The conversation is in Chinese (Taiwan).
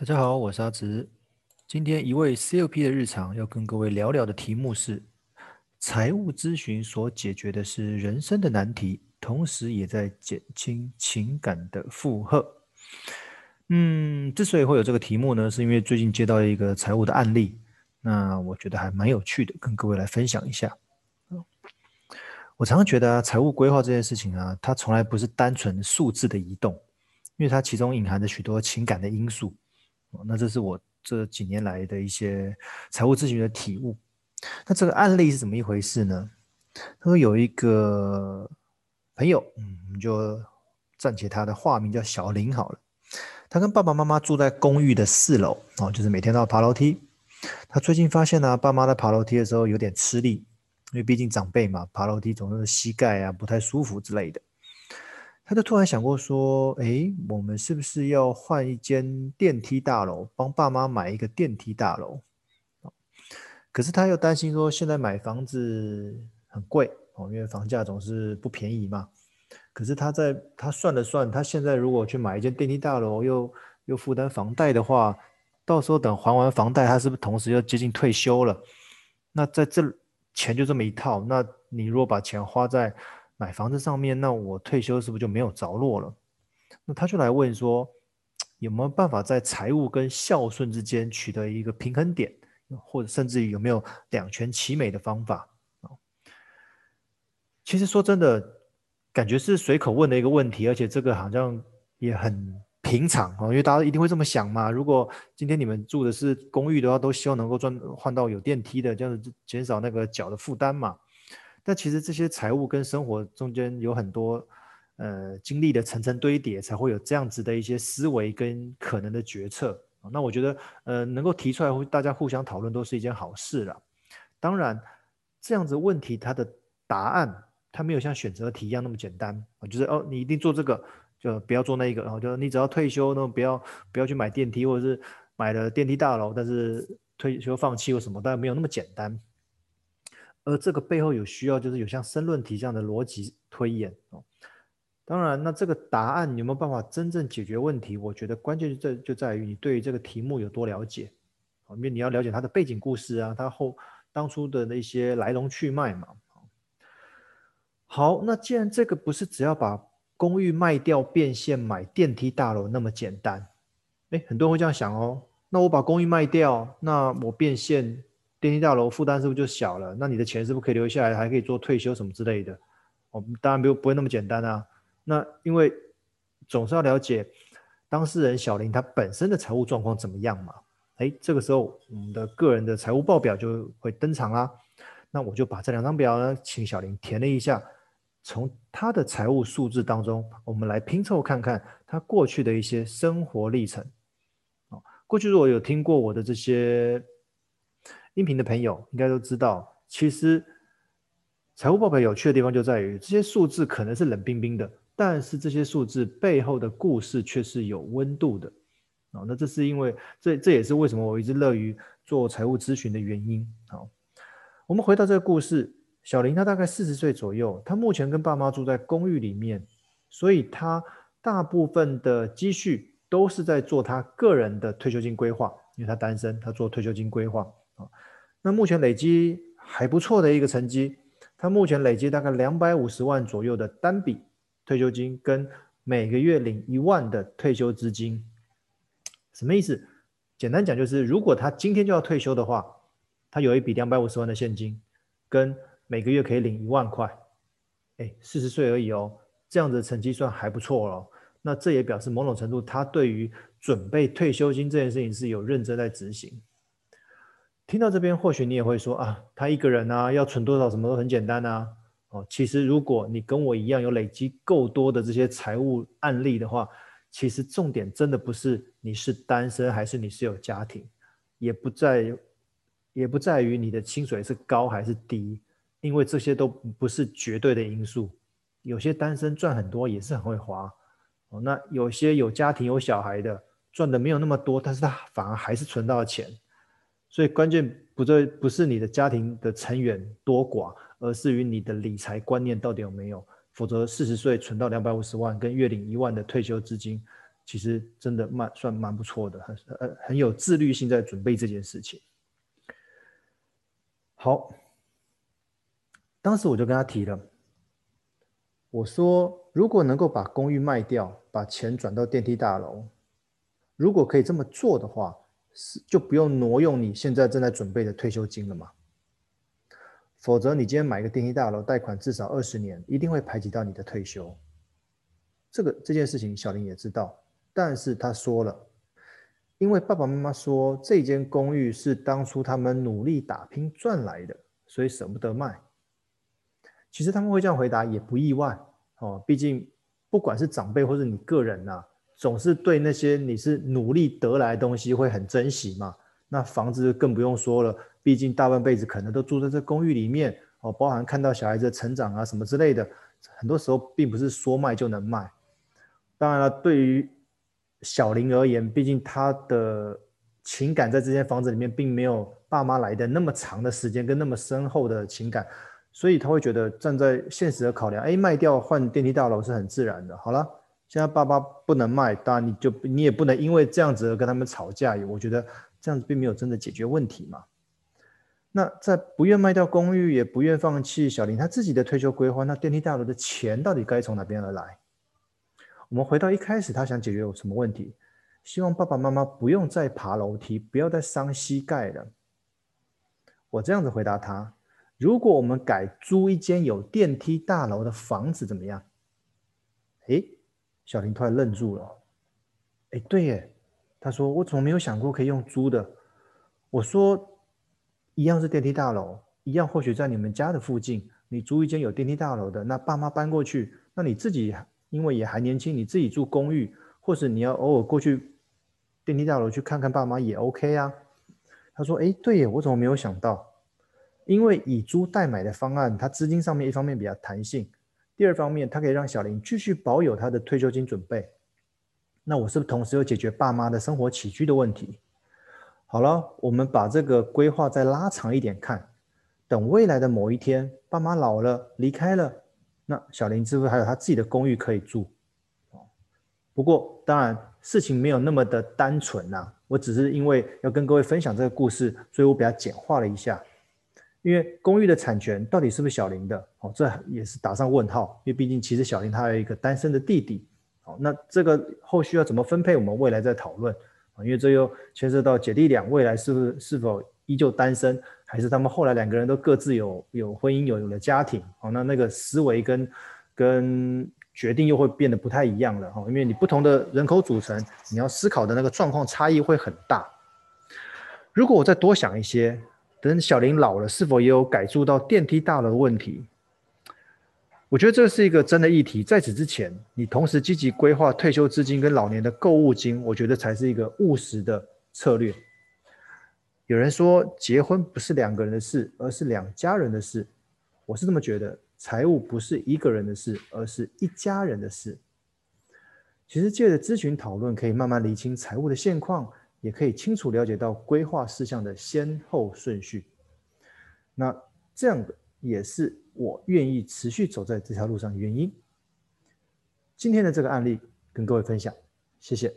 大家好，我是阿直。今天一位 CFP 的日常要跟各位聊聊的題目是：財務諮詢所解決的是人生的難題，同時也在減輕情感的負荷。嗯，之所以會有這個題目呢，是因為最近接到一個財務的案例，那我覺得還蠻有趣的，跟各位來分享一下。我常常覺得啊，財務規劃這件事情啊，它從來不是單純數字的移動，因為它其中隱含着許多情感的因素。那這是我這幾年來的一些財務諮詢的體悟。那這個案例是怎麼一回事呢？他說有一個朋友，嗯，我們就暫且他的化名叫小林好了。他跟爸爸媽媽住在公寓的四樓，哦，就是每天都要爬樓梯。他最近發現呢，啊，爸媽在爬樓梯的時候有點吃力，因為畢竟長輩嘛，爬樓梯總是膝蓋啊，不太舒服之類的。他就突然想過說，誒，我們是不是要換一間電梯大樓，幫爸媽買一個電梯大樓？哦，可是他又擔心說，現在買房子很貴哦，因為房價總是不便宜嘛。可是他在他算了算，他現在如果去買一間電梯大樓又、又又負擔房貸的話，到時候等還完房貸，他是不是同時又接近退休了？那在這錢就這麼一套，那你若把錢花在……買房子上面，那我退休是不是就沒有着落了？那他就來問說，有沒有辦法在財務跟孝順之間取得一個平衡點，或者甚至於有沒有兩全其美的方法。其實說真的，感覺是隨口問的一個問題，而且這個好像也很平常啊，因為大家一定會這麼想嘛。如果今天你們住的是公寓的話，都希望能夠轉換，換到有電梯的，這樣子減少那個腳的負擔嘛。那其實這些財務跟生活中間有很多，呃，經歷的層層堆疊，才會有這樣子的一些思維跟可能的決策。哦，那我覺得，呃，能夠提出來，大家互相討論，都是一件好事了。當然，這樣子問題它的答案，它沒有像選擇題一樣那麼簡單。就是哦，你一定做這個，就不要做那個，然後，哦，就你只要退休，呢，不要不要去買電梯，或者是買了電梯大樓，但是退休放棄或什麼，但沒有那麼簡單。而這個背後有需要，就是有像申論題這樣的邏輯推演哦。當然，那這個答案你有沒有辦法真正解決問題？我覺得關鍵就在就在於你對於這個題目有多了解。因為你要了解它的背景故事啊，它後當初的那些來龍去脈嘛。好，那既然這個不是只要把公寓賣掉變現買電梯大樓那麼簡單，誒，很多人會這樣想哦。那我把公寓賣掉，那我變現。電梯大樓負擔是不是就小了？那你的錢是不是可以留下來，還可以做退休什麼之類的？哦，我們當然不不會那麼簡單啊。那因為總是要了解當事人小林他本身的財務狀況怎麼樣嘛。哎，這個時候我們的個人的財務報表就會登場啦。那我就把這兩張表呢，請小林填了一下，從他的財務數字當中，我們來拼湊看看他過去的一些生活歷程。哦，過去如果有聽過我的這些。音頻的朋友應該都知道，其實財務報表有趣的地方就在於這些數字可能是冷冰冰的，但是這些數字背後的故事卻是有溫度的。哦，那這是因為這這也是為什麼我一直樂於做財務諮詢的原因。好，我們回到這個故事，小林他大概四十歲左右，他目前跟爸媽住在公寓裡面，所以他大部分的積蓄都是在做他個人的退休金規劃，因為他單身，他做退休金規劃。啊，那目前累積還不錯的一個成績，他目前累積大概兩百五十萬左右的單筆退休金，跟每個月領一萬的退休資金，什麼意思？簡單講就是，如果他今天就要退休的話，他有一筆兩百五十萬的現金，跟每個月可以領一萬塊，哎，四十歲而已哦，這樣子的成績算還不錯了哦。那這也表示某種程度，他對於準備退休金這件事情是有認真在執行。聽到這邊，或許你也會說啊，他一個人啊，要存多少，什麼都很簡單啊。哦,其實如果你跟我一樣有累積夠多的這些財務案例的話，其實重點真的不是你是單身還是你是有家庭，也不在，也不在於你的薪水是高還是低，因為這些都不是絕對的因素。有些單身賺很多也是很會花，哦，那有些有家庭有小孩的，賺的沒有那麼多，但是他反而還是存到了錢。所以關鍵不在，不是你的家庭的成員多寡，而是於你的理財觀念到底有沒有？否則，四十歲存到兩百五十萬，跟月領一萬的退休資金，其實真的蠻算蠻不錯的，很很有自律性在準備這件事情。好，當時我就跟他提了，我說如果能夠把公寓賣掉，把錢轉到電梯大樓，如果可以這麼做的話，就不用挪用你現在正在準備的退休金了嗎？否則你今天買一個電梯大樓貸款至少二十年，一定會排擠到你的退休。這個這件事情，小林也知道，但是他說了，因為爸爸媽媽說這間公寓是當初他們努力打拼賺來的，所以捨不得賣。其實他們會這樣回答也不意外哦，畢竟不管是長輩或者你個人吶，啊。總是對那些你是努力得來的東西會很珍惜嘛。那房子就更不用說了，畢竟大半輩子可能都住在這公寓裡面哦，包含看到小孩子成長啊什麼之類的，很多時候並不是說賣就能賣。當然了，對於小林而言，畢竟他的情感在這間房子裡面並沒有爸媽來的那麼長的時間跟那麼深厚的情感，所以他會覺得站在現實的考量，誒，賣掉換電梯大樓是很自然的。好了。現在爸爸不能賣，但你就你也不能因為這樣子而跟他們吵架。我覺得這樣子並沒有真的解決問題嘛。那在不願賣掉公寓，也不願放棄小林他自己的退休規劃，那電梯大樓的錢到底該從哪邊而來？我們回到一開始，他想解決有什麼問題？希望爸爸媽媽不用再爬樓梯，不要再傷膝蓋了。我這樣子回答他：如果我們改租一間有電梯大樓的房子，怎麼樣？誒。小林突然愣住了，哎，對耶，他說我怎麼沒有想過可以用租的？我說，一樣是電梯大樓，一樣或許在你們家的附近，你租一間有電梯大樓的，那爸媽搬過去，那你自己因為也還年輕，你自己住公寓，或者你要偶爾過去電梯大樓去看看爸媽也 OK 啊。他說，哎，對耶，我怎麼沒有想到？因為以租代買的方案，它資金上面一方面比較彈性。第二方面，他可以讓小林繼續保有他的退休金準備。那我是不是同時又解決爸媽的生活起居的問題？好了，我們把這個規劃再拉長一點看。等未來的某一天，爸媽老了離開了，那小林是不是還有他自己的公寓可以住？不過當然事情沒有那麼的單純吶啊。我只是因為要跟各位分享這個故事，所以我比較簡化了一下。因為公寓的產權到底是不是小林的？哦，這也是打上問號，因為畢竟其實小林他有一個單身的弟弟，哦，那這個後續要怎麼分配，我們未來再討論。因為這又牽涉到姐弟倆未來是不是是否依舊單身，還是他們後來兩個人都各自有有婚姻，有有了家庭，好，那那個思維跟跟決定又會變得不太一樣了哈，因為你不同的人口組成，你要思考的那個狀況差異會很大。如果我再多想一些，等小林老了，是否也有改住到電梯大樓的問題？我覺得這是一個真的議題。在此之前，你同時積極規劃退休資金跟老年的購物金，我覺得才是一個務實的策略。有人說，結婚不是兩個人的事，而是兩家人的事。我是這麼覺得，財務不是一個人的事，而是一家人的事。其實，借着諮詢討論，可以慢慢理清財務的現況，也可以清楚了解到規劃事項的先後順序。那這樣的也是我願意持續走在這條路上的原因。今天的這個案例跟各位分享，謝謝。